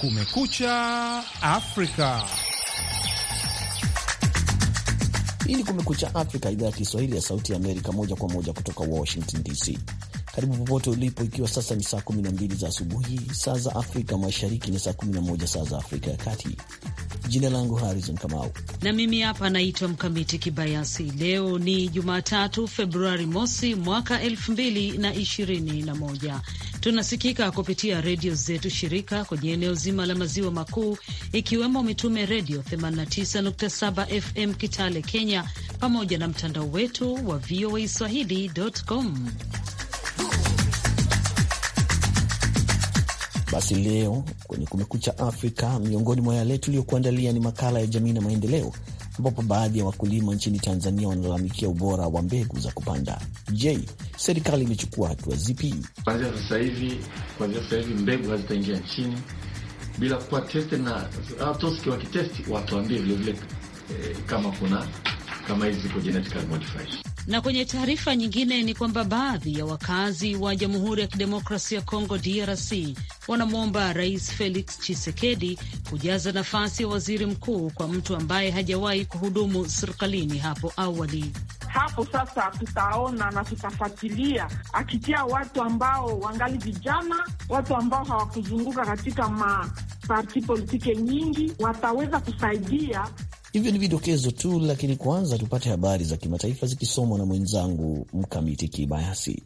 Kumekucha Afrika. Hii ni Kumekucha Afrika, idhaa ya Kiswahili ya Sauti ya Amerika, moja kwa moja kutoka Washington DC. Karibu popote ulipo, ikiwa sasa ni saa 12 za asubuhi saa za Afrika Mashariki na saa 11 saa za Afrika ya Kati. Jina langu Harrison Kamau na mimi hapa naitwa Mkamiti Kibayasi. Leo ni Jumatatu, Februari mosi mwaka moja. Tunasikika kupitia redio zetu shirika kwenye eneo zima la maziwa makuu, ikiwemo Mitume Redio 89.7 FM Kitale, Kenya, pamoja na mtandao wetu wa VOA Swahili.com. Basi leo kwenye Kumekucha Afrika, miongoni mwa yale tuliyokuandalia ni makala ya jamii na maendeleo ambapo baadhi ya wakulima nchini Tanzania wanalalamikia ubora wa mbegu za kupanda. Je, serikali imechukua hatua zipi? Kwanzia sasa hivi, kwanzia sasa hivi mbegu hazitaingia nchini bila kuwa testi na toski, wakitesti watuambie vilevile, eh, kama kuna kama hizi ziko genetically modified. Na kwenye taarifa nyingine ni kwamba baadhi ya wakazi wa Jamhuri ya Kidemokrasia ya Kongo DRC wanamwomba Rais Felix Tshisekedi kujaza nafasi ya waziri mkuu kwa mtu ambaye hajawahi kuhudumu serikalini hapo awali. Hapo sasa tutaona na tutafuatilia akitia watu ambao wangali vijana, watu ambao hawakuzunguka katika maparti politike nyingi, wataweza kusaidia Hivyo ni vidokezo tu, lakini kwanza tupate habari za kimataifa zikisomwa na mwenzangu Mkamiti Kibayasi.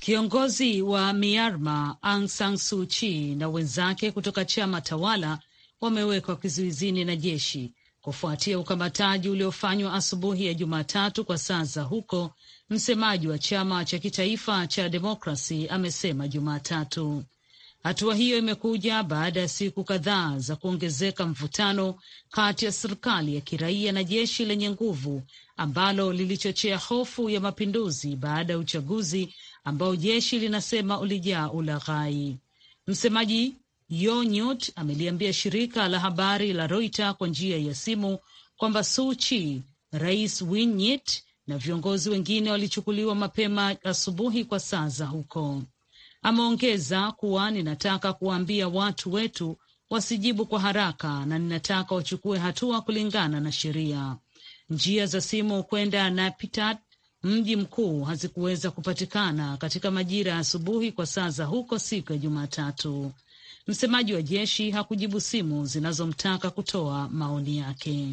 Kiongozi wa Myanmar Aung San Suu Kyi na wenzake kutoka chama tawala wamewekwa kizuizini na jeshi kufuatia ukamataji uliofanywa asubuhi ya Jumatatu kwa saa za huko, Msemaji wa chama cha kitaifa cha demokrasi amesema Jumatatu. Hatua hiyo imekuja baada ya siku kadhaa za kuongezeka mvutano kati ya serikali ya kiraia na jeshi lenye nguvu ambalo lilichochea hofu ya mapinduzi baada ya uchaguzi ambao jeshi linasema ulijaa ulaghai. Msemaji Yonyut ameliambia shirika la habari la Reuters kwa njia ya simu kwamba Suu Kyi, Rais Win Myint na viongozi wengine walichukuliwa mapema asubuhi kwa saa za huko. Ameongeza kuwa ninataka kuwaambia watu wetu wasijibu kwa haraka na ninataka wachukue hatua kulingana na sheria. Njia za simu kwenda Naypyidaw, mji mkuu, hazikuweza kupatikana katika majira ya asubuhi kwa saa za huko siku ya Jumatatu. Msemaji wa jeshi hakujibu simu zinazomtaka kutoa maoni yake.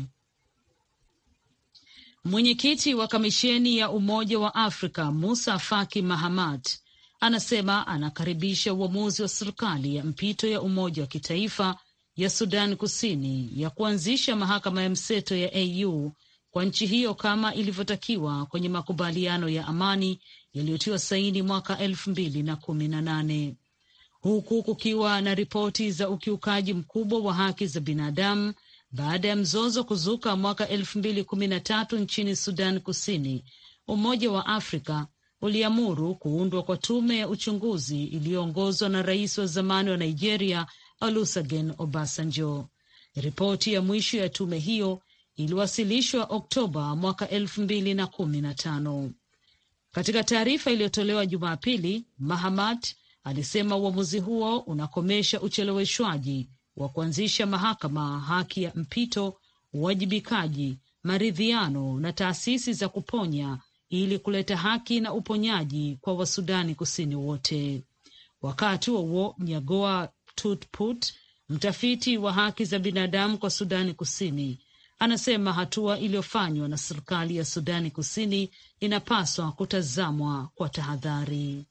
Mwenyekiti wa kamisheni ya Umoja wa Afrika Musa Faki Mahamat anasema anakaribisha uamuzi wa serikali ya mpito ya umoja wa kitaifa ya Sudan Kusini ya kuanzisha mahakama ya mseto ya AU kwa nchi hiyo kama ilivyotakiwa kwenye makubaliano ya amani yaliyotiwa saini mwaka elfu mbili na kumi na nane huku kukiwa na ripoti za ukiukaji mkubwa wa haki za binadamu baada ya mzozo kuzuka mwaka elfu mbili kumi na tatu nchini Sudan Kusini. Umoja wa Afrika uliamuru kuundwa kwa tume ya uchunguzi iliyoongozwa na rais wa zamani wa Nigeria Olusegun Obasanjo. Ripoti ya mwisho ya tume hiyo iliwasilishwa Oktoba mwaka elfu mbili na kumi na tano. Katika taarifa iliyotolewa Jumapili, Mahamat alisema uamuzi huo unakomesha ucheleweshwaji wa kuanzisha mahakama, haki ya mpito, uwajibikaji, maridhiano na taasisi za kuponya ili kuleta haki na uponyaji kwa Wasudani Kusini wote. Wakati wa huo, Nyagoa Tutput, mtafiti wa haki za binadamu kwa Sudani Kusini, anasema hatua iliyofanywa na serikali ya Sudani Kusini inapaswa kutazamwa kwa tahadhari.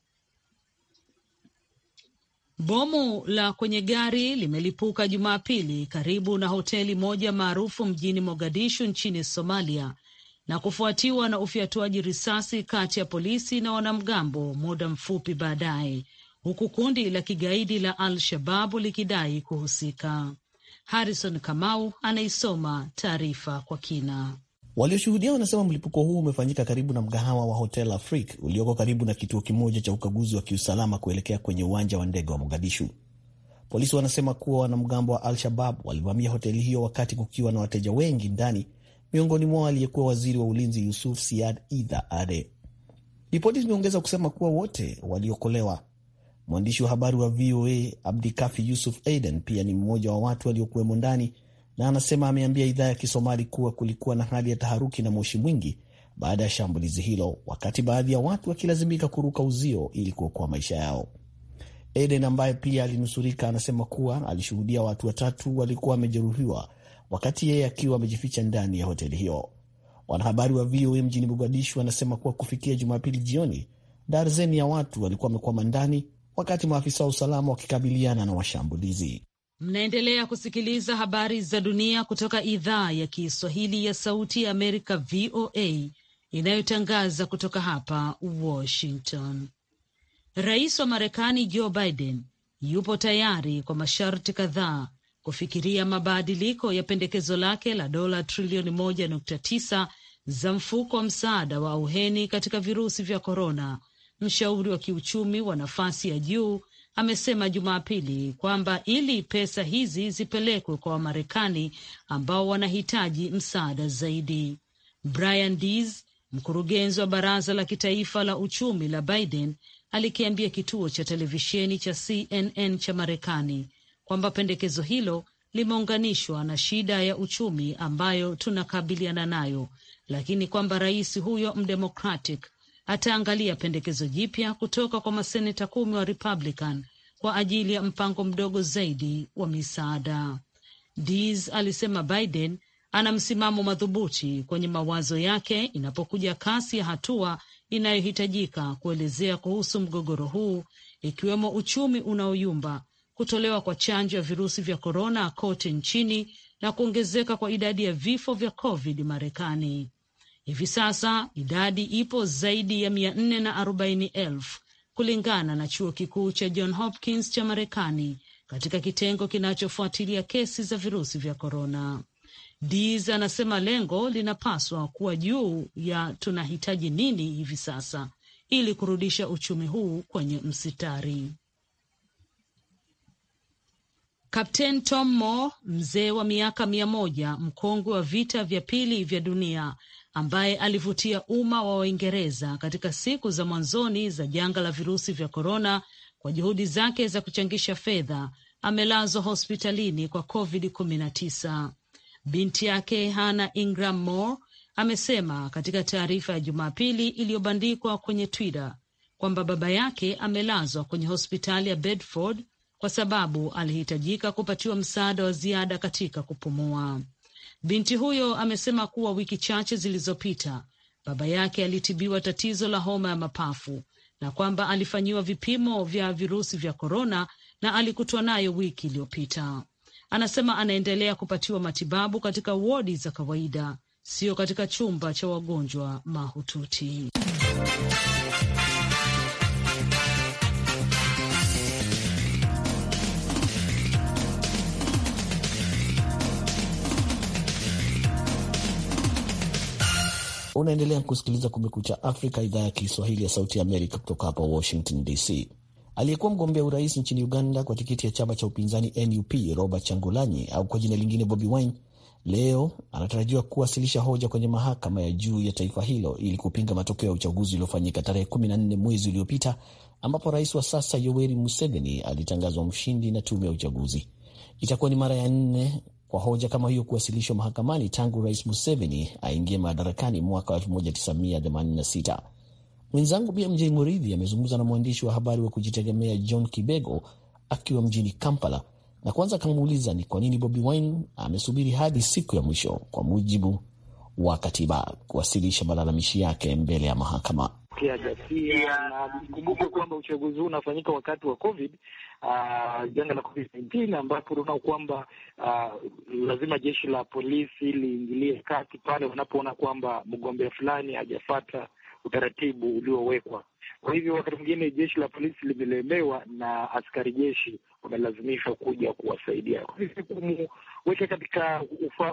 Bomu la kwenye gari limelipuka Jumapili karibu na hoteli moja maarufu mjini Mogadishu nchini Somalia na kufuatiwa na ufyatuaji risasi kati ya polisi na wanamgambo muda mfupi baadaye, huku kundi la kigaidi la Al-Shababu likidai kuhusika. Harrison Kamau anaisoma taarifa kwa kina. Walioshuhudia wanasema mlipuko huu umefanyika karibu na mgahawa wa Hotel Afrique ulioko karibu na kituo kimoja cha ukaguzi wa kiusalama kuelekea kwenye uwanja wa ndege wa Mogadishu. Polisi wanasema kuwa wanamgambo wa Al-Shabab walivamia hoteli hiyo wakati kukiwa na wateja wengi ndani, miongoni mwao aliyekuwa waziri wa ulinzi Yusuf Siad Idha Ade. Ripoti zimeongeza kusema kuwa wote waliokolewa. Mwandishi wa habari wa VOA Abdikafi Yusuf Aden pia ni mmoja wa watu waliokuwemo ndani na anasema ameambia idhaa ya Kisomali kuwa kulikuwa na hali ya taharuki na moshi mwingi baada ya shambulizi hilo, wakati baadhi ya watu wakilazimika kuruka uzio ili kuokoa maisha yao. Eden ambaye pia alinusurika anasema kuwa alishuhudia watu watatu walikuwa wamejeruhiwa wakati yeye akiwa amejificha ndani ya hoteli hiyo. Wanahabari wa VOA mjini Mogadishu wanasema kuwa kufikia Jumapili jioni darzeni ya watu walikuwa wamekwama ndani wakati maafisa wa usalama wakikabiliana na washambulizi. Mnaendelea kusikiliza habari za dunia kutoka idhaa ya Kiswahili ya Sauti ya Amerika, VOA, inayotangaza kutoka hapa Washington. Rais wa Marekani Joe Biden yupo tayari kwa masharti kadhaa kufikiria mabadiliko ya pendekezo lake la dola trilioni moja nukta tisa za mfuko wa msaada wa auheni katika virusi vya korona. Mshauri wa kiuchumi wa nafasi ya juu amesema Jumapili kwamba ili pesa hizi zipelekwe kwa Wamarekani ambao wanahitaji msaada zaidi. Brian Dees, mkurugenzi wa baraza la kitaifa la uchumi la Biden, alikiambia kituo cha televisheni cha CNN cha Marekani kwamba pendekezo hilo limeunganishwa na shida ya uchumi ambayo tunakabiliana nayo, lakini kwamba rais huyo mdemokratic ataangalia pendekezo jipya kutoka kwa maseneta kumi wa Republican kwa ajili ya mpango mdogo zaidi wa misaada. Diz alisema Biden ana msimamo madhubuti kwenye mawazo yake inapokuja kasi ya hatua inayohitajika kuelezea kuhusu mgogoro huu, ikiwemo uchumi unaoyumba, kutolewa kwa chanjo ya virusi vya korona kote nchini na kuongezeka kwa idadi ya vifo vya COVID Marekani. Hivi sasa idadi ipo zaidi ya mia nne na arobaini elfu kulingana na chuo kikuu cha John Hopkins cha Marekani katika kitengo kinachofuatilia kesi za virusi vya korona. Dis anasema lengo linapaswa kuwa juu ya tunahitaji nini hivi sasa ili kurudisha uchumi huu kwenye msitari. Kapten Tom Moore, mzee wa miaka mia moja, mkongwe wa vita vya pili vya dunia, ambaye alivutia umma wa Waingereza katika siku za mwanzoni za janga la virusi vya korona kwa juhudi zake za kuchangisha fedha, amelazwa hospitalini kwa COVID-19. Binti yake hana Ingram Moore amesema katika taarifa ya Jumapili iliyobandikwa kwenye Twitter kwamba baba yake amelazwa kwenye hospitali ya Bedford kwa sababu alihitajika kupatiwa msaada wa ziada katika kupumua. Binti huyo amesema kuwa wiki chache zilizopita baba yake alitibiwa tatizo la homa ya mapafu na kwamba alifanyiwa vipimo vya virusi vya korona na alikutwa nayo wiki iliyopita. Anasema anaendelea kupatiwa matibabu katika wodi za kawaida, sio katika chumba cha wagonjwa mahututi. Unaendelea kusikiliza Kumekucha Afrika, idhaa ya Kiswahili ya Sauti ya Amerika, kutoka hapa Washington DC. Aliyekuwa mgombea urais nchini Uganda kwa tikiti ya chama cha upinzani NUP, Robert Changulanyi au kwa jina lingine Bobi Wine, leo anatarajiwa kuwasilisha hoja kwenye mahakama ya juu ya taifa hilo ili kupinga matokeo ya uchaguzi uliofanyika tarehe 14 mwezi uliopita, ambapo rais wa sasa Yoweri Museveni alitangazwa mshindi na tume ya uchaguzi. Itakuwa ni mara ya nne kwa hoja kama hiyo kuwasilishwa mahakamani tangu Rais Museveni aingie madarakani mwaka 1986. Mwenzangu BMJ Muridhi amezungumza na mwandishi wa habari wa kujitegemea John Kibego akiwa mjini Kampala, na kwanza akamuuliza ni kwa nini Bobi Wine amesubiri hadi siku ya mwisho kwa mujibu wa katiba kuwasilisha malalamishi yake mbele ya mahakama kiajasia na ikumbuke kwamba uchaguzi huu unafanyika wakati wa COVID, ah, janga la COVID-19, ambapo unaona kwamba ah, lazima jeshi la polisi liingilie kati pale wanapoona kwamba mgombea fulani hajafata utaratibu uliowekwa. Kwa hivyo wakati mwingine jeshi la polisi limelemewa na askari jeshi wamelazimishwa kuja kuwasaidia. Kwa hivyo katika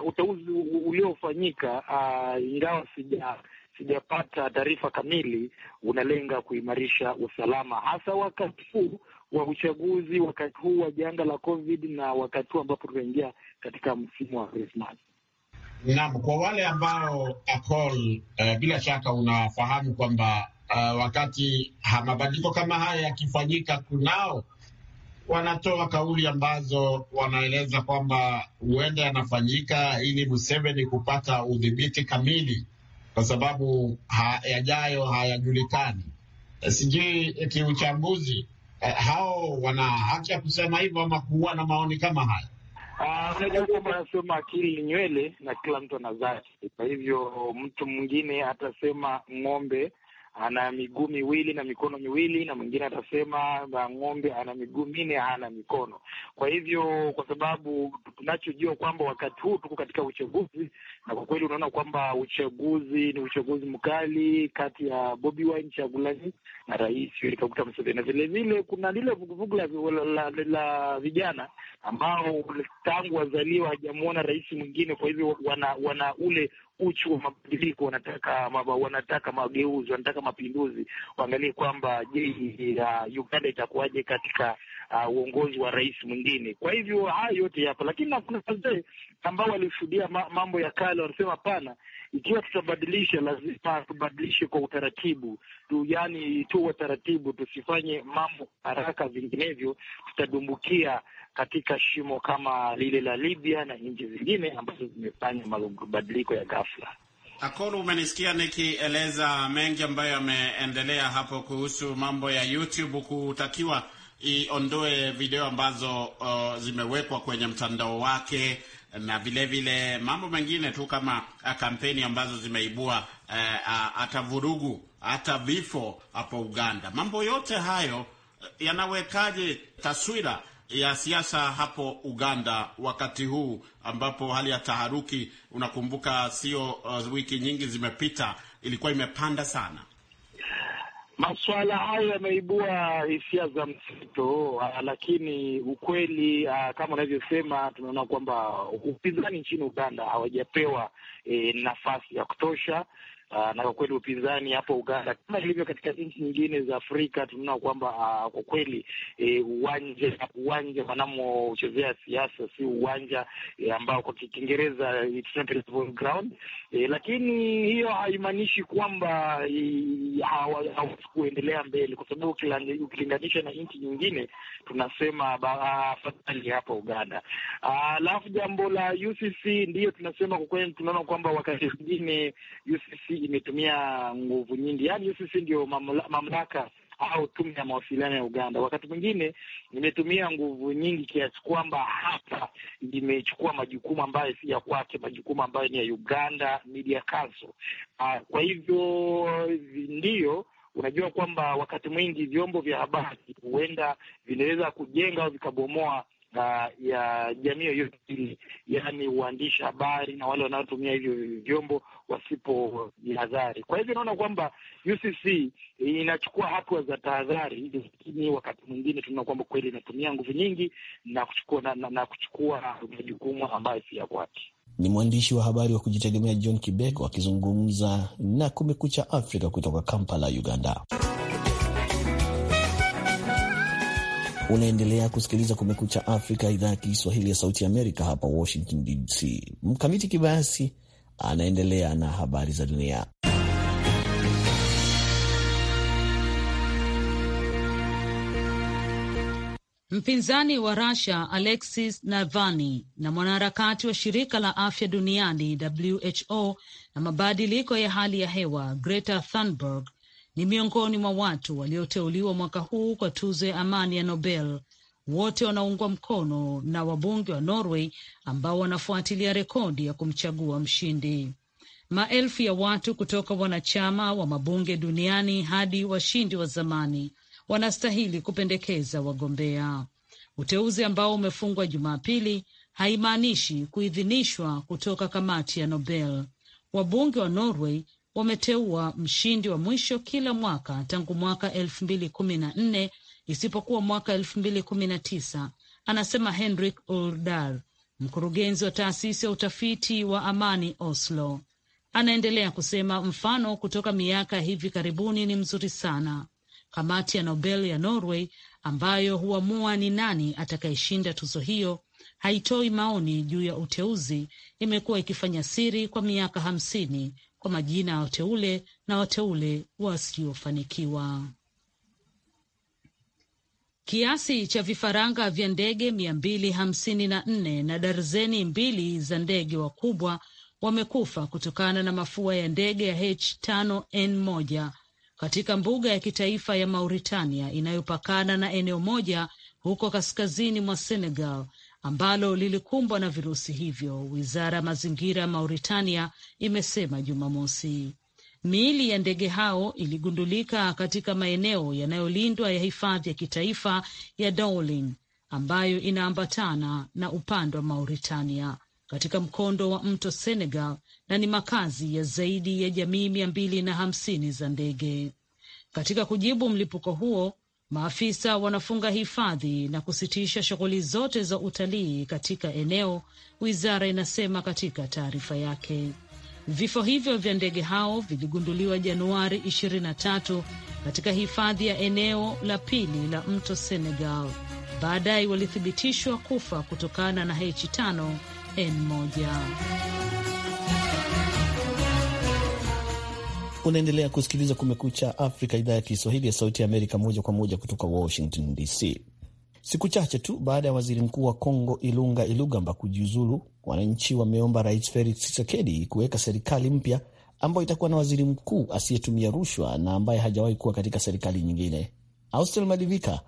uteuzi uliofanyika, ah, ingawa sija sijapata taarifa kamili, unalenga kuimarisha usalama hasa wakati huu wa uchaguzi, wakati huu wa janga la COVID na wakati huu ambapo tunaingia katika msimu wa Krismas. Naam, kwa wale ambao uh, Akol, eh, uh, bila shaka unafahamu kwamba eh, wakati mabadiliko kama haya yakifanyika, kunao wanatoa kauli ambazo wanaeleza kwamba huenda yanafanyika ili Museveni kupata udhibiti kamili kwa sababu ha, yajayo hayajulikani. Eh, sijui eh, kiuchambuzi, eh, hao wana haki ya kusema hivyo ama kuwa na maoni kama haya? Ah, unajua uh, akili akili nywele na kila mtu ana zake. Kwa hivyo mtu mwingine atasema ng'ombe ana miguu miwili na mikono miwili, na mwingine atasema ng'ombe ana miguu minne hana mikono. Kwa hivyo, kwa sababu tunachojua kwamba wakati huu tuko katika uchaguzi, na kwa kweli unaona kwamba uchaguzi ni uchaguzi mkali kati ya Bobi Wine Chagulani na Rais Yoweri Kaguta Museveni, na vilevile kuna lile vuguvugu la vijana ambao tangu wazaliwa hajamwona rais mwingine, kwa hivyo wana, wana ule uchu wa mabadiliko, wanataka maba, wanataka mageuzi, wanataka mapinduzi. Waangalie kwamba je, uh, Uganda itakuwaje katika uh, uongozi wa rais mwingine. Kwa hivyo haya yote yapo, lakini kuna wazee ambao walishuhudia mambo ya kale, wanasema hapana, ikiwa tutabadilisha lazima tubadilishe kwa utaratibu tu, yani tuwe taratibu, tusifanye mambo haraka, vinginevyo tutadumbukia katika shimo kama lile la Libya na nchi zingine ambazo zimefanya mabadiliko ya ghafla. Akolu, umenisikia nikieleza mengi ambayo yameendelea hapo kuhusu mambo ya YouTube kutakiwa iondoe video ambazo uh, zimewekwa kwenye mtandao wake na vilevile vile mambo mengine tu kama uh, kampeni ambazo zimeibua uh, uh, hata uh, vurugu hata vifo hapo Uganda. Mambo yote hayo yanawekaje taswira ya siasa hapo Uganda wakati huu ambapo hali ya taharuki, unakumbuka, sio uh, wiki nyingi zimepita, ilikuwa imepanda sana. Masuala hayo yameibua hisia za mseto, ah, lakini ukweli a, ah, kama unavyosema, tunaona kwamba upinzani nchini Uganda hawajapewa e, nafasi ya kutosha Ah, na kwa kweli upinzani hapo Uganda kama ilivyo katika nchi nyingine za Afrika tunaona kwamba uh, kwa kweli e, uwanja uwanja wanamochezea siasa si uwanja e, ambao kwa Kiingereza ground e, lakini hiyo haimaanishi kwamba e, hawawezi kuendelea mbele, kwa sababu ukilinganisha na nchi nyingine tunasema ah, afadhali hapa Uganda. Alafu jambo la UCC ndiyo tunasema kwa kweli tunaona kwamba wakati mwingine UCC serikali imetumia nguvu nyingi, yaani sisi ndio mamlaka au tume ya mawasiliano ya Uganda wakati mwingine imetumia nguvu nyingi kiasi kwamba hapa imechukua majukumu ambayo si ya kwake, majukumu ambayo ni ya Uganda Media Council. Ah, kwa hivyo ndiyo unajua kwamba wakati mwingi vyombo vya habari huenda vinaweza kujenga au vikabomoa uh, ya jamii yoyote ile, yaani waandishi habari na wale wanaotumia hivyo vyombo wasipojihadhari. Kwa hivyo naona kwamba UCC inachukua hatua za tahadhari, lakini wakati mwingine tunaona kwamba kweli inatumia nguvu nyingi na kuchukua na, na, na kuchukua majukumu ambayo si ya kwake. Ni mwandishi wa habari wa kujitegemea John Kibeko akizungumza na Kumekucha Afrika kutoka Kampala, Uganda. Unaendelea kusikiliza Kumekucha Afrika, idhaa ya Kiswahili ya Sauti Amerika, hapa Washington DC. Mkamiti Kibayasi anaendelea na habari za dunia. Mpinzani wa Russia Alexis Navalny na mwanaharakati wa shirika la afya duniani WHO na mabadiliko ya hali ya hewa Greta Thunberg ni miongoni mwa watu walioteuliwa mwaka huu kwa tuzo ya amani ya Nobel, wote wanaungwa mkono na wabunge wa Norway ambao wanafuatilia rekodi ya kumchagua mshindi. Maelfu ya watu kutoka wanachama wa mabunge duniani hadi washindi wa zamani wanastahili kupendekeza wagombea. Uteuzi ambao umefungwa Jumapili haimaanishi kuidhinishwa kutoka kamati ya Nobel. Wabunge wa Norway wameteua mshindi wa mwisho kila mwaka tangu mwaka elfu mbili kumi na nne isipokuwa mwaka elfu mbili kumi na tisa anasema Henrik Uldar, mkurugenzi wa taasisi ya utafiti wa amani Oslo. Anaendelea kusema mfano kutoka miaka hivi karibuni ni mzuri sana. Kamati ya Nobel ya Norway ambayo huamua ni nani atakayeshinda tuzo hiyo haitoi maoni juu ya uteuzi, imekuwa ikifanya siri kwa miaka hamsini kwa majina ya wateule na wateule wasiofanikiwa. Kiasi cha vifaranga vya ndege mia mbili hamsini na nne na darzeni mbili za ndege wakubwa wamekufa kutokana na mafua ya ndege ya H5N1 katika mbuga ya kitaifa ya Mauritania inayopakana na eneo moja huko kaskazini mwa Senegal ambalo lilikumbwa na virusi hivyo, wizara ya mazingira ya Mauritania imesema Jumamosi. Miili ya ndege hao iligundulika katika maeneo yanayolindwa ya hifadhi ya kitaifa ya Darwin ambayo inaambatana na upande wa Mauritania katika mkondo wa mto Senegal na ni makazi ya zaidi ya jamii mia mbili na hamsini za ndege. Katika kujibu mlipuko huo, Maafisa wanafunga hifadhi na kusitisha shughuli zote za utalii katika eneo, wizara inasema katika taarifa yake. Vifo hivyo vya ndege hao viligunduliwa Januari 23 katika hifadhi ya eneo la pili la mto Senegal. Baadaye walithibitishwa kufa kutokana na H5N1. Unaendelea kusikiliza Kumekucha Afrika, idhaa ya Kiswahili ya Sauti ya Amerika, moja kwa moja kutoka Washington DC. Siku chache tu baada ya waziri mkuu wa Kongo Ilunga Ilugamba kujiuzulu, wananchi wameomba Rais Felix Tshisekedi kuweka serikali mpya ambayo itakuwa na waziri mkuu asiyetumia rushwa na ambaye hajawahi kuwa katika serikali nyingine. Austel Malivika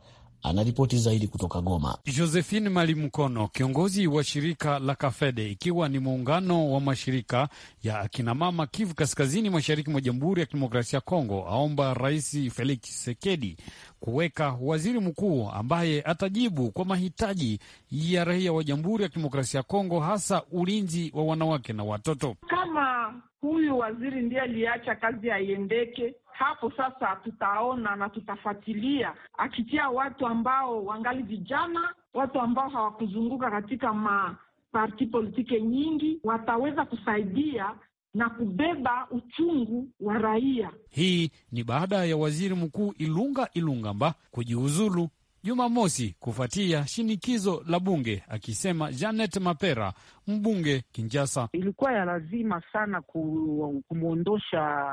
Anaripoti zaidi kutoka Goma. Josephine Malimkono, kiongozi wa shirika la Kafede, ikiwa ni muungano wa mashirika ya akinamama Kivu Kaskazini, mashariki mwa Jamhuri ya Kidemokrasia ya Kongo, aomba Rais Felix Tshisekedi kuweka waziri mkuu ambaye atajibu kwa mahitaji ya raia wa Jamhuri ya Kidemokrasia ya Kongo, hasa ulinzi wa wanawake na watoto. Kama huyu waziri ndiye aliacha kazi aiendeke hapo sasa tutaona na tutafuatilia akitia watu ambao wangali vijana, watu ambao hawakuzunguka katika maparti politike nyingi, wataweza kusaidia na kubeba uchungu wa raia. Hii ni baada ya waziri mkuu Ilunga Ilungamba kujiuzulu Jumamosi kufuatia shinikizo la bunge, akisema Janet Mapera, mbunge Kinjasa. ilikuwa ya lazima sana kumwondosha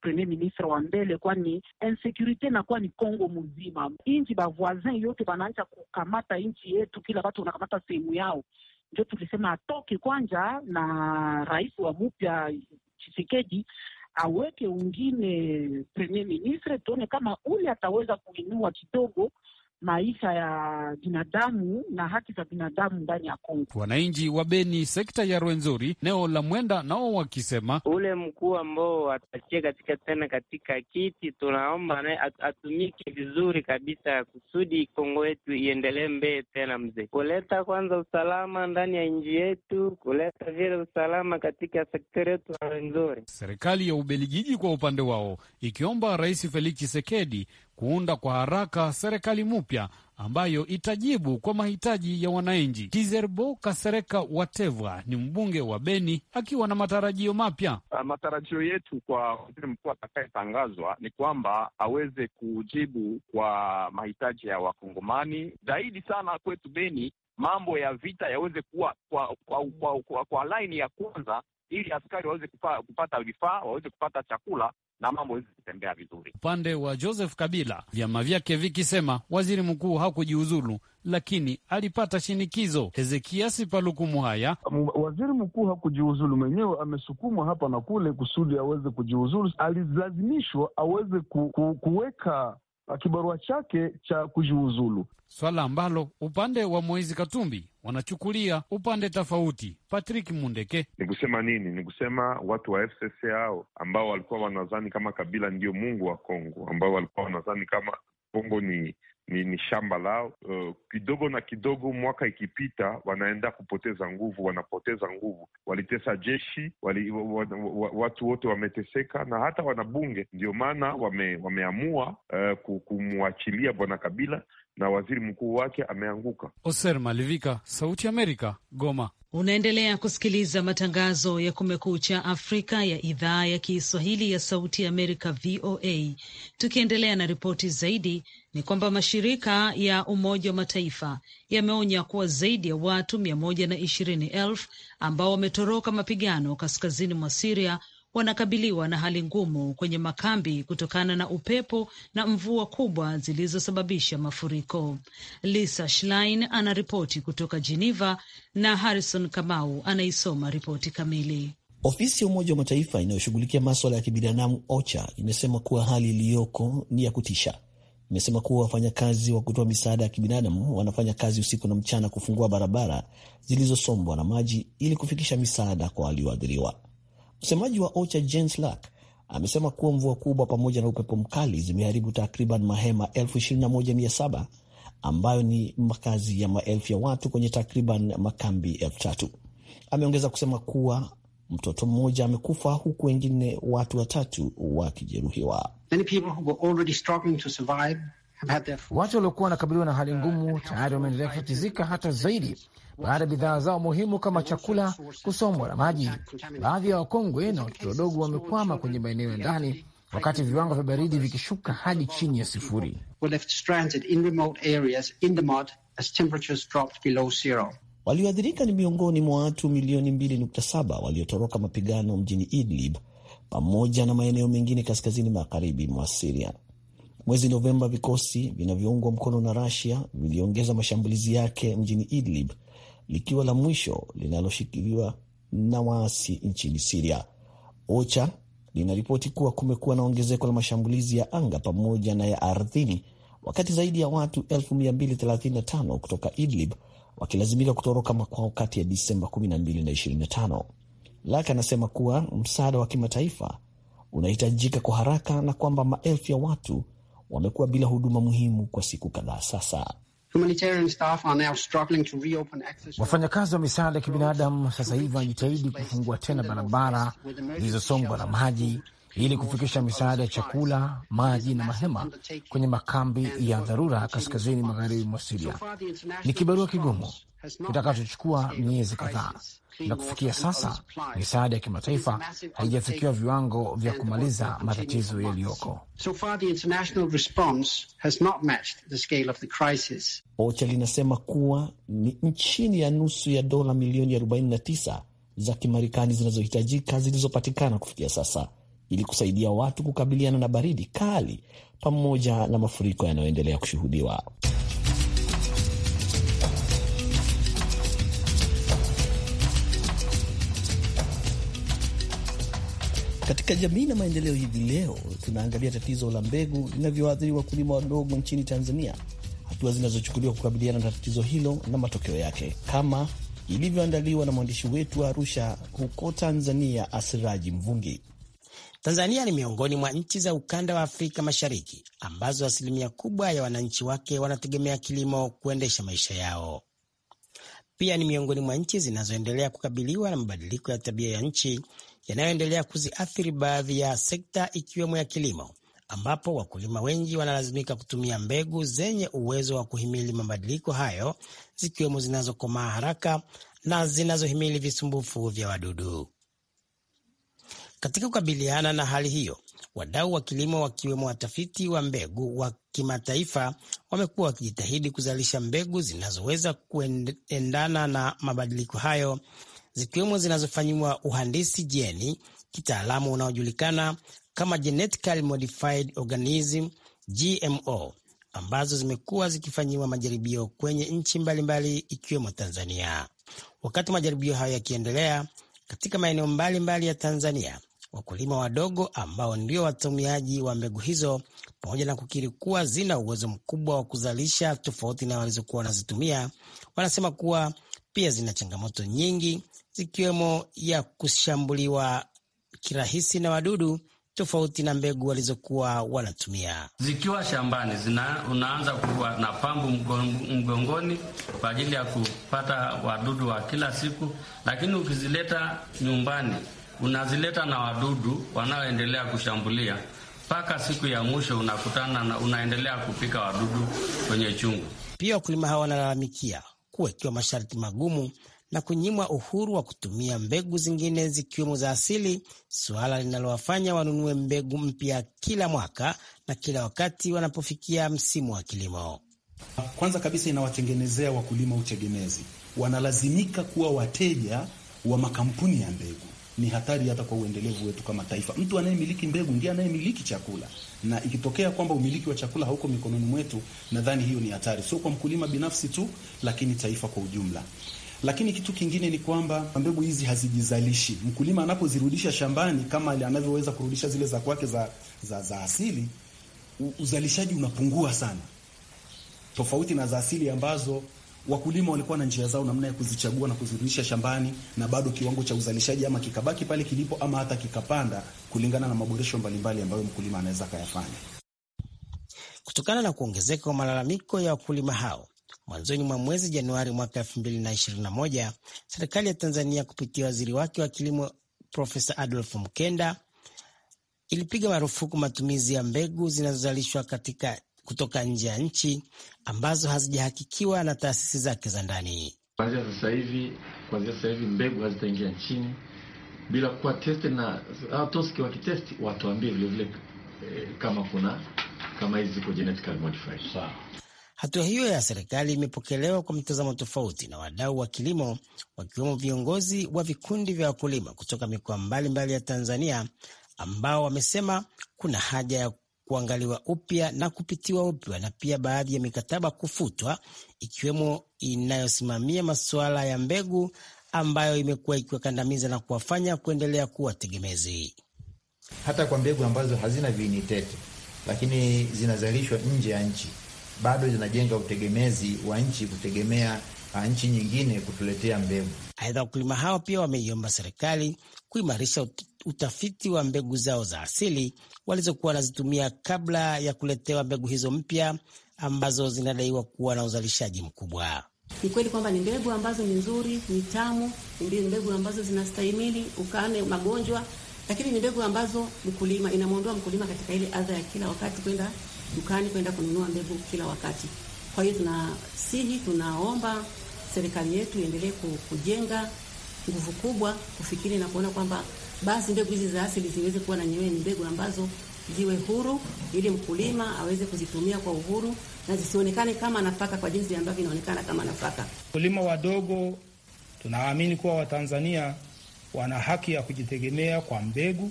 premier ministre wa mbele, kwani insecurite inakuwa ni Kongo mzima, nchi bavoisin yote banaanza kukamata nchi yetu, kila watu wanakamata sehemu yao. Ndio tulisema atoke kwanja na rais wa mupya Chisekedi aweke wengine premier ministre, tuone kama ule ataweza kuinua kidogo maisha ya binadamu na haki za binadamu ndani ya Kongo. Wananchi wa Beni sekta ya Rwenzori eneo la Mwenda nao wakisema ule mkuu ambao atachia katika tena katika kiti, tunaomba naye atumike vizuri kabisa kusudi Kongo yetu iendelee mbele tena, mzee, kuleta kwanza usalama ndani ya nchi yetu, kuleta vile usalama katika sekta yetu ya Rwenzori. Serikali ya Ubeligiji kwa upande wao ikiomba Rais Felix chisekedi kuunda kwa haraka serikali mpya ambayo itajibu kwa mahitaji ya wananchi. Kizerbo Kasereka Watevwa ni mbunge wa Beni akiwa na matarajio mapya. Uh, matarajio yetu kwa waziri mkuu atakayetangazwa ni kwamba aweze kujibu kwa mahitaji ya Wakongomani zaidi sana kwetu Beni, mambo ya vita yaweze kuwa kwa, kwa, kwa, kwa, kwa laini ya kwanza, ili askari waweze kupata vifaa, waweze kupata chakula na mambo hizi kutembea vizuri. Upande wa Joseph Kabila, vyama vyake vikisema waziri mkuu hakujiuzulu, lakini alipata shinikizo. Hezekiasi Palukumu, haya waziri mkuu hakujiuzulu mwenyewe, amesukumwa hapa na kule kusudi aweze kujiuzulu. Alilazimishwa aweze ku, ku, kuweka Uh, kibarua chake cha kujiuzulu, swala ambalo upande wa Moizi Katumbi wanachukulia upande tofauti. Patrick Mundeke: ni kusema nini? Ni kusema watu wa FCC hao ambao walikuwa wanazani kama Kabila ndiyo mungu wa Kongo, ambao walikuwa wanazani kama Kongo ni ni, ni shamba lao uh, kidogo na kidogo, mwaka ikipita, wanaenda kupoteza nguvu, wanapoteza nguvu. Walitesa jeshi wali, watu wote wameteseka na hata wanabunge. Ndio maana wame, wameamua uh, kumwachilia bwana Kabila na waziri mkuu wake ameanguka. Oser Malivika, Sauti Amerika, Goma. Unaendelea kusikiliza matangazo ya Kumekucha Afrika ya idhaa ya Kiswahili ya Sauti Amerika, VOA. Tukiendelea na ripoti zaidi, ni kwamba mashirika ya Umoja wa Mataifa yameonya kuwa zaidi ya watu mia moja na ishirini elfu ambao wametoroka mapigano kaskazini mwa Siria wanakabiliwa na hali ngumu kwenye makambi kutokana na upepo na mvua kubwa zilizosababisha mafuriko. Lisa Schlein anaripoti kutoka Geneva na Harrison Kamau anaisoma ripoti kamili. Ofisi ya Umoja wa Mataifa inayoshughulikia maswala ya kibinadamu OCHA imesema kuwa hali iliyoko ni ya kutisha. Imesema kuwa wafanyakazi wa kutoa misaada ya kibinadamu wanafanya kazi usiku na mchana kufungua barabara zilizosombwa na maji ili kufikisha misaada kwa walioathiriwa. Msemaji wa OCHA James Lack amesema kuwa mvua kubwa pamoja na upepo mkali zimeharibu takriban mahema 21700 ambayo ni makazi ya maelfu ya watu kwenye takriban makambi elfu Ameongeza kusema kuwa mtoto mmoja amekufa huku wengine watu watatu wakijeruhiwa. Watu waliokuwa wanakabiliwa na hali ngumu ah, tayari wameendelea kutatizika hata zaidi baada ya bidhaa zao muhimu kama chakula kusombwa na maji. Baadhi ya wakongwe na watoto wadogo wamekwama kwenye maeneo ya ndani wakati viwango vya baridi vikishuka hadi chini ya sifuri. Walioathirika ni miongoni mwa watu milioni 2.7 waliotoroka mapigano mjini Idlib pamoja na maeneo mengine kaskazini magharibi mwa Siria. Mwezi Novemba, vikosi vinavyoungwa mkono na rasia viliongeza mashambulizi yake mjini Idlib, likiwa la mwisho linaloshikiliwa na waasi nchini Siria. OCHA linaripoti kuwa kumekuwa na ongezeko la mashambulizi ya anga pamoja na ya ardhini, wakati zaidi ya watu 235 kutoka Idlib wakilazimika kutoroka makwao kati ya Disemba 12 na 25. Lak anasema kuwa msaada wa kimataifa unahitajika kwa haraka na kwamba maelfu ya watu wamekuwa bila huduma muhimu kwa siku kadhaa sasa. Wafanyakazi wa misaada ya kibinadamu sasa hivi wanajitahidi kufungua tena barabara zilizosombwa na maji ili kufikisha misaada ya chakula, maji na mahema kwenye makambi ya dharura kaskazini magharibi mwa Siria. Ni kibarua kigumu, kitakachochukua miezi kadhaa, na kufikia sasa misaada ya kimataifa haijafikiwa viwango vya kumaliza matatizo yaliyoko. OCHA linasema kuwa ni chini ya nusu ya dola milioni 49 za Kimarekani zinazohitajika zilizopatikana kufikia sasa ili kusaidia watu kukabiliana na baridi kali pamoja na mafuriko yanayoendelea kushuhudiwa. Katika jamii na maendeleo, hivi leo tunaangalia tatizo la mbegu linavyoathiri wakulima wadogo nchini Tanzania, hatua zinazochukuliwa kukabiliana na tatizo hilo na matokeo yake, kama ilivyoandaliwa na mwandishi wetu wa Arusha huko Tanzania, Asiraji Mvungi. Tanzania ni miongoni mwa nchi za ukanda wa Afrika Mashariki ambazo asilimia kubwa ya wananchi wake wanategemea kilimo kuendesha maisha yao. Pia ni miongoni mwa nchi zinazoendelea kukabiliwa na mabadiliko ya tabia ya nchi yanayoendelea kuziathiri baadhi ya sekta ikiwemo ya kilimo, ambapo wakulima wengi wanalazimika kutumia mbegu zenye uwezo wa kuhimili mabadiliko hayo, zikiwemo zinazokomaa haraka na zinazohimili visumbufu vya wadudu. Katika kukabiliana na hali hiyo, wadau wa kilimo wakiwemo watafiti wa mbegu wa kimataifa wamekuwa wakijitahidi kuzalisha mbegu zinazoweza kuendana na mabadiliko hayo zikiwemo zinazofanyiwa uhandisi jeni, kitaalamu unaojulikana kama genetically modified organism GMO, ambazo zimekuwa zikifanyiwa majaribio kwenye nchi mbalimbali ikiwemo Tanzania. Wakati majaribio hayo yakiendelea katika maeneo mbalimbali ya Tanzania, wakulima wadogo ambao ndio watumiaji wa mbegu hizo, pamoja na kukiri kuwa zina uwezo mkubwa wa kuzalisha tofauti na walizokuwa wanazitumia, wanasema kuwa pia zina changamoto nyingi zikiwemo ya kushambuliwa kirahisi na wadudu tofauti na mbegu walizokuwa wanatumia. Zikiwa shambani zina, unaanza kuwa na pambu mgongoni kwa ajili ya kupata wadudu wa kila siku, lakini ukizileta nyumbani unazileta na wadudu wanaoendelea kushambulia mpaka siku ya mwisho unakutana na unaendelea kupika wadudu kwenye chungu. Pia wakulima hawa wanalalamikia kuwekiwa masharti magumu na kunyimwa uhuru wa kutumia mbegu zingine zikiwemo za asili, suala linalowafanya wanunue mbegu mpya kila mwaka na kila wakati wanapofikia msimu wa kilimo. Kwanza kabisa, inawatengenezea wakulima utegemezi, wanalazimika kuwa wateja wa makampuni ya mbegu. Ni hatari hata kwa uendelevu wetu kama taifa. Mtu anayemiliki mbegu ndiye anayemiliki chakula, na ikitokea kwamba umiliki wa chakula hauko mikononi mwetu, nadhani hiyo ni hatari, sio kwa mkulima binafsi tu, lakini taifa kwa ujumla. Lakini kitu kingine ni kwamba mbegu hizi hazijizalishi. Mkulima anapozirudisha shambani kama anavyoweza kurudisha zile za kwake za, za, za asili, uzalishaji unapungua sana, tofauti na za asili ambazo wakulima walikuwa na njia zao namna ya kuzichagua na kuzirudisha shambani na bado kiwango cha uzalishaji ama kikabaki pale kilipo ama hata kikapanda kulingana na maboresho mbalimbali ambayo mkulima anaweza akayafanya. Kutokana na kuongezeka kwa malalamiko ya wakulima hao, Mwanzoni mwa mwezi Januari mwaka elfu mbili na moja, serikali ya Tanzania kupitia waziri wake wa kilimo Profesa Adolf Mkenda ilipiga marufuku matumizi ya mbegu zinazozalishwa katika kutoka nje ya nchi ambazo hazijahakikiwa na taasisi zake za ndani. Kuanzia sasa hivi, kuanzia sasa hivi mbegu hazitaingia nchini bila kuwa testi na wa kitesti watuambie vilevile, e, eh, kama kuna kama hizi ziko genetically modified. Hatua hiyo ya serikali imepokelewa kwa mtazamo tofauti na wadau wa kilimo, wakiwemo viongozi wa vikundi vya wakulima kutoka mikoa mbalimbali ya Tanzania, ambao wamesema kuna haja ya kuangaliwa upya na kupitiwa upya na pia baadhi ya mikataba kufutwa, ikiwemo inayosimamia masuala ya mbegu ambayo imekuwa ikiwakandamiza na kuwafanya kuendelea kuwa tegemezi hata kwa mbegu ambazo hazina viini tete, lakini zinazalishwa nje ya nchi bado zinajenga utegemezi wa nchi kutegemea ah, nchi nyingine kutuletea mbegu. Aidha, wakulima hao pia wameiomba serikali kuimarisha utafiti wa mbegu zao za asili walizokuwa wanazitumia kabla ya kuletewa mbegu hizo mpya ambazo zinadaiwa kuwa na uzalishaji mkubwa. Ni kweli kwamba ni mbegu ambazo ni nzuri, ni tamu, ni mbegu ambazo zinastahimili ukame, magonjwa, lakini ni mbegu ambazo mkulima inamwondoa mkulima katika ile adha ya kila wakati kwenda dukani kwenda kununua mbegu kila wakati. Kwa hiyo tunasihi, tunaomba serikali yetu iendelee kujenga nguvu kubwa kufikiri na kuona kwamba basi mbegu hizi za asili ziweze kuwa na nyewe ni mbegu ambazo ziwe huru, ili mkulima aweze kuzitumia kwa uhuru na zisionekane kama nafaka kwa jinsi ambavyo inaonekana kama nafaka. Wakulima wadogo tunaamini kuwa Watanzania wana haki ya kujitegemea kwa mbegu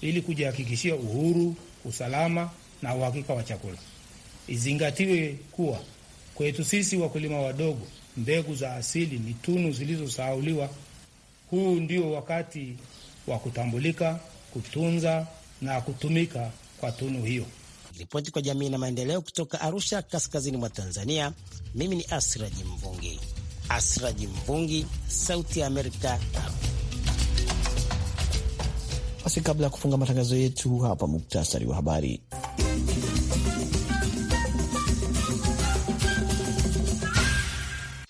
ili kujihakikishia uhuru, usalama na uhakika wa chakula. Izingatiwe kuwa kwetu sisi wakulima wadogo, mbegu za asili ni tunu zilizosahauliwa. Huu ndio wakati wa kutambulika, kutunza na kutumika kwa tunu hiyo. Ripoti kwa jamii na maendeleo kutoka Arusha, kaskazini mwa Tanzania. Mimi ni Asraji Mvungi. Asraji Mvungi, Sauti ya Amerika. Basi kabla ya kufunga matangazo yetu hapa, muktasari wa habari.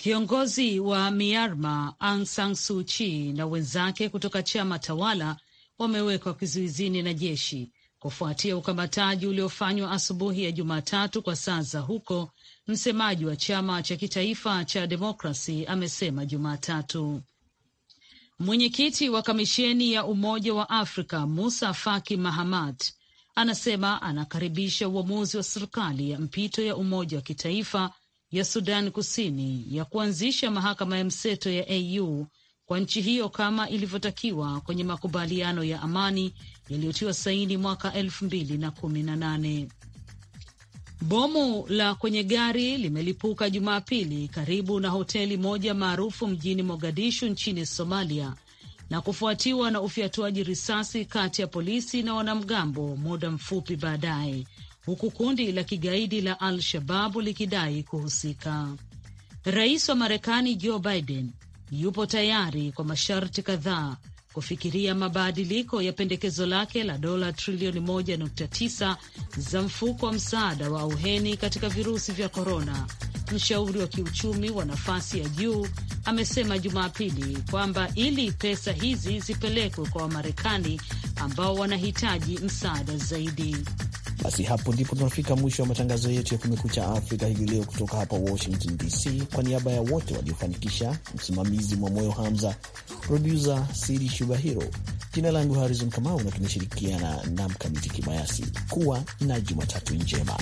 Kiongozi wa Myanmar Aung San Suu Kyi na wenzake kutoka chama tawala wamewekwa kizuizini na jeshi kufuatia ukamataji uliofanywa asubuhi ya Jumatatu kwa saa za huko. Msemaji wa chama cha kitaifa cha demokrasi amesema Jumatatu. Mwenyekiti wa kamisheni ya Umoja wa Afrika Musa Faki Mahamat anasema anakaribisha uamuzi wa serikali ya mpito ya umoja wa kitaifa ya Sudan Kusini ya kuanzisha mahakama ya mseto ya AU kwa nchi hiyo kama ilivyotakiwa kwenye makubaliano ya amani yaliyotiwa saini mwaka elfu mbili na kumi na nane. Bomu la kwenye gari limelipuka Jumapili karibu na hoteli moja maarufu mjini Mogadishu nchini Somalia na kufuatiwa na ufyatuaji risasi kati ya polisi na wanamgambo muda mfupi baadaye, huku kundi la kigaidi la Al-Shababu likidai kuhusika. Rais wa Marekani Joe Biden yupo tayari kwa masharti kadhaa kufikiria mabadiliko ya pendekezo lake la dola trilioni 1.9 za mfuko wa msaada wa auheni katika virusi vya korona. Mshauri wa kiuchumi wa nafasi ya juu amesema Jumapili kwamba ili pesa hizi zipelekwe kwa Wamarekani ambao wanahitaji msaada zaidi, basi hapo ndipo tunafika mwisho wa matangazo yetu ya Kumekucha Afrika hivi leo, kutoka hapa Washington DC. Kwa niaba ya wote waliofanikisha, msimamizi mwa moyo Hamza, produsa Sidi Shubahiro, jina langu Harizon Kamau na tumeshirikiana na Mkamiti Kibayasi. Kuwa na Jumatatu njema.